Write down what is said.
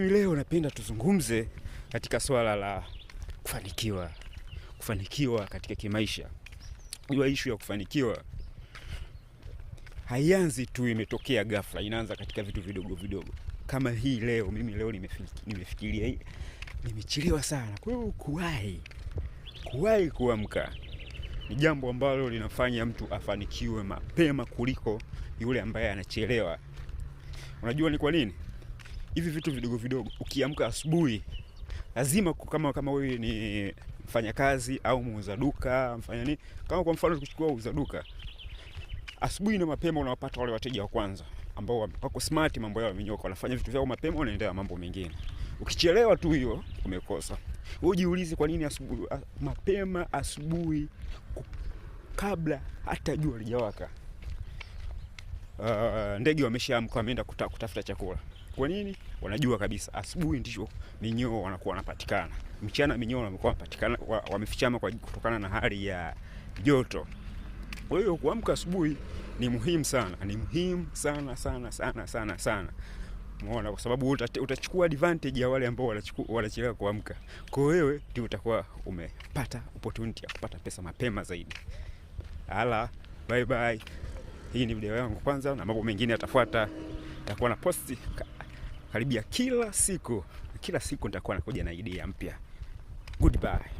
Mimi leo napenda tuzungumze katika swala la kufanikiwa, kufanikiwa katika kimaisha. Jua ishu ya kufanikiwa haianzi tu imetokea ghafla, inaanza katika vitu vidogo vidogo kama hii leo. Mimi leo nimefikiria, nimechelewa sana. Kwa hiyo kuwahi, kuwahi kuamka ni jambo ambalo linafanya mtu afanikiwe mapema kuliko yule ambaye anachelewa. Unajua ni kwa nini? hivi vitu vidogo vidogo, ukiamka asubuhi lazima kama kama wewe ni mfanyakazi au muuza duka mfanya nini, kama kwa mfano tukichukua uuza duka, asubuhi na mapema unawapata wale wateja wa kwanza ambao wako smart, mambo yao yamenyoka, wanafanya vitu vyao mapema, wanaendelea mambo mengine. Ukichelewa tu hiyo umekosa. Wewe jiulize kwa nini asubuhi mapema asubuhi kabla hata jua lijawaka, uh, ah, ndege wameshaamka wameenda kutafuta chakula. Kwa nini? Wanajua kabisa asubuhi ndicho minyoo wanakuwa wanapatikana, mchana minyoo wamekuwa wanapatikana wamefichama kwa kutokana na hali ya joto. Kwa hiyo kuamka asubuhi ni muhimu sana, ni muhimu sana sana sana sana sana. Umeona, kwa sababu utachukua advantage ya wale ambao wanachelewa kuamka. Kwa hiyo wewe ndio utakuwa umepata opportunity ya kupata pesa mapema zaidi. Hala, bye bye. Hii ni video yangu kwanza, na mambo mengine yatafuata. Nitakuwa na posti karibia kila siku, kila siku nitakuwa nakuja na idea mpya. Goodbye.